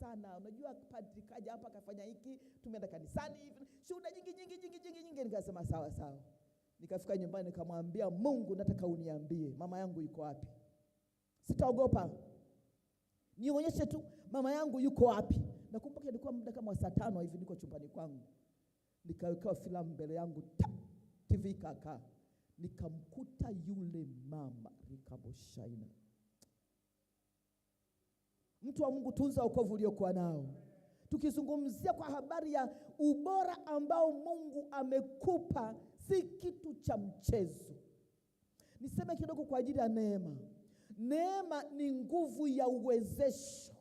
sana. Unajua padri kaja hapa kafanya hiki, tumeenda kanisani hivi, shuhuda nyingi nyingi nyingi nyingi nyingi. Nikasema sawa sawa, nikafika nyumbani nikamwambia Mungu, nataka uniambie mama yangu yuko wapi. Sitaogopa, nionyeshe tu mama yangu yuko wapi. Nakumbuka ilikuwa muda kama saa tano hivi, niko chumbani kwangu, nikawekewa filamu mbele yangu TV kaka, nikamkuta yule mama rikaboshaina Mtu wa Mungu, tunza wokovu uliokuwa nao. Tukizungumzia kwa habari ya ubora ambao Mungu amekupa, si kitu cha mchezo. Niseme kidogo kwa ajili ya neema. Neema ni nguvu ya uwezesho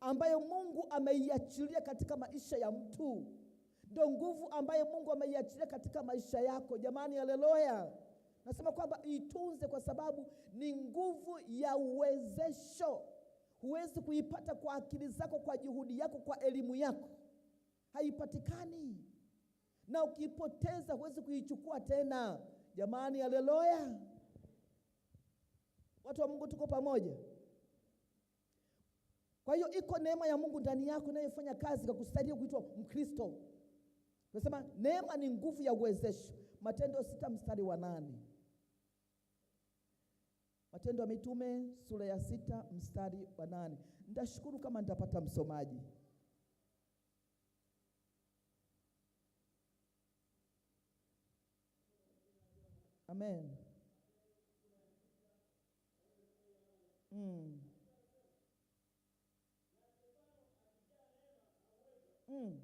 ambayo Mungu ameiachilia katika maisha ya mtu, ndio nguvu ambayo Mungu ameiachilia katika maisha yako. Jamani, haleluya! Nasema kwamba itunze, kwa sababu ni nguvu ya uwezesho huwezi kuipata kwa akili zako, kwa juhudi yako, kwa elimu yako, haipatikani, na ukipoteza huwezi kuichukua tena. Jamani, haleluya! Watu wa Mungu, tuko pamoja. Kwa hiyo iko neema ya Mungu ndani yako inayofanya kazi kwa kuitwa Mkristo. nasema neema ni nguvu ya uwezesho, Matendo sita mstari wa nane. Matendo ya Mitume sura ya sita mstari wa nane. Nitashukuru kama nitapata msomaji. Amen. Mm. Mm.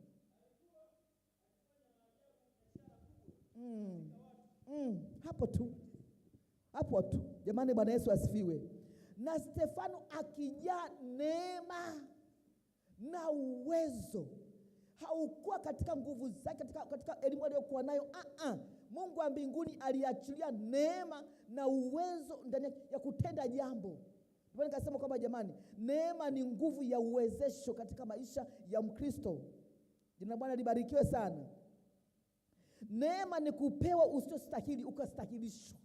Mm. Mm. Hapo tu hapo tu. Jamani, Bwana Yesu asifiwe. Na Stefano akijaa neema na uwezo, haukuwa katika nguvu zake, katika, katika elimu aliyokuwa nayo ah -ah. Mungu wa mbinguni aliachilia neema na uwezo ndani ya kutenda jambo. Ndipo nikasema kwamba jamani, neema ni nguvu ya uwezesho katika maisha ya Mkristo. Jina Bwana libarikiwe sana. Neema ni kupewa usiostahili ukastahilishwa.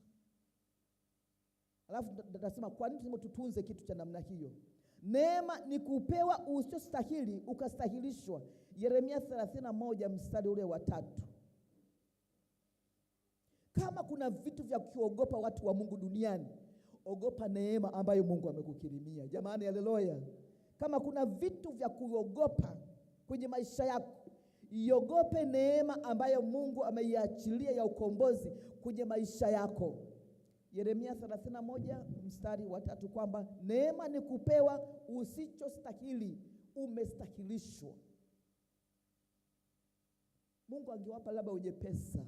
Alafu nasema kwa nini tuseme tutunze kitu cha namna hiyo? Neema ni kupewa usiostahili ukastahilishwa. Yeremia 31 mstari ule wa tatu. Kama kuna vitu vya kuogopa watu wa Mungu duniani, ogopa neema ambayo Mungu amekukirimia. Jamani, haleluya! Kama kuna vitu vya kuogopa kwenye maisha yako, iogope neema ambayo Mungu ameiachilia ya ukombozi kwenye maisha yako. Yeremia 31 mstari wa tatu kwamba neema ni kupewa usichostahili, umestahilishwa. Mungu angewapa labda wenye pesa.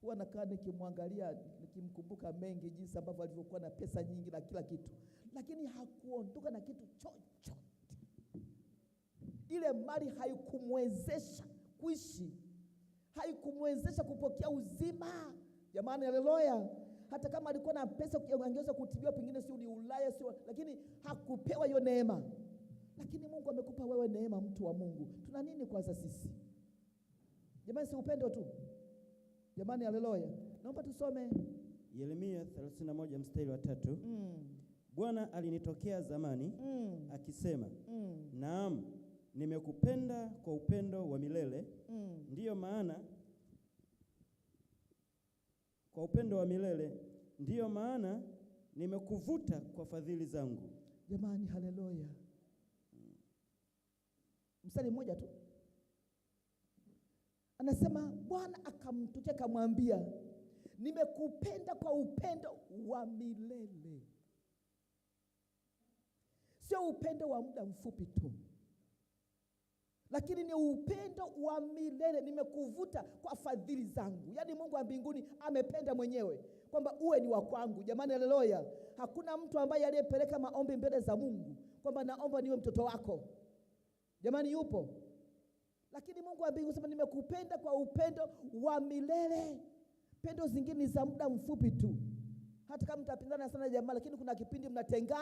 Huwa nakaa nikimwangalia nikimkumbuka mengi jinsi ambavyo alivyokuwa na pesa nyingi na kila kitu, lakini hakuondoka na kitu chochote. Ile mali haikumwezesha kuishi, haikumwezesha kupokea uzima. Jamani, haleluya! Hata kama alikuwa na pesa, angeweza kutibiwa pengine, ni Ulaya, sio lakini hakupewa hiyo neema. Lakini Mungu amekupa wewe neema, mtu wa Mungu. Tuna nini kwanza sisi? Jamani, si upendo tu jamani, haleluya. Naomba tusome Yeremia 31 mstari wa tatu. Mm. Bwana alinitokea zamani mm. akisema mm. Naam, nimekupenda kwa upendo wa milele mm. Ndiyo maana kwa upendo wa milele, ndiyo maana nimekuvuta kwa fadhili zangu. Jamani, haleluya! Mstari mmoja tu anasema, Bwana akamtokea akamwambia, nimekupenda kwa upendo wa milele, sio upendo wa muda mfupi tu lakini ni upendo wa milele. Nimekuvuta kwa fadhili zangu. Yaani Mungu wa mbinguni amependa mwenyewe kwamba uwe ni wa kwangu. Jamani, haleluya! Hakuna mtu ambaye aliyepeleka maombi mbele za Mungu kwamba naomba niwe mtoto wako. Jamani, yupo? Lakini Mungu wa mbinguni sema, nimekupenda kwa upendo wa milele. Pendo zingine ni za muda mfupi tu, hata kama mtapendana sana jamani, lakini kuna kipindi mnatengana.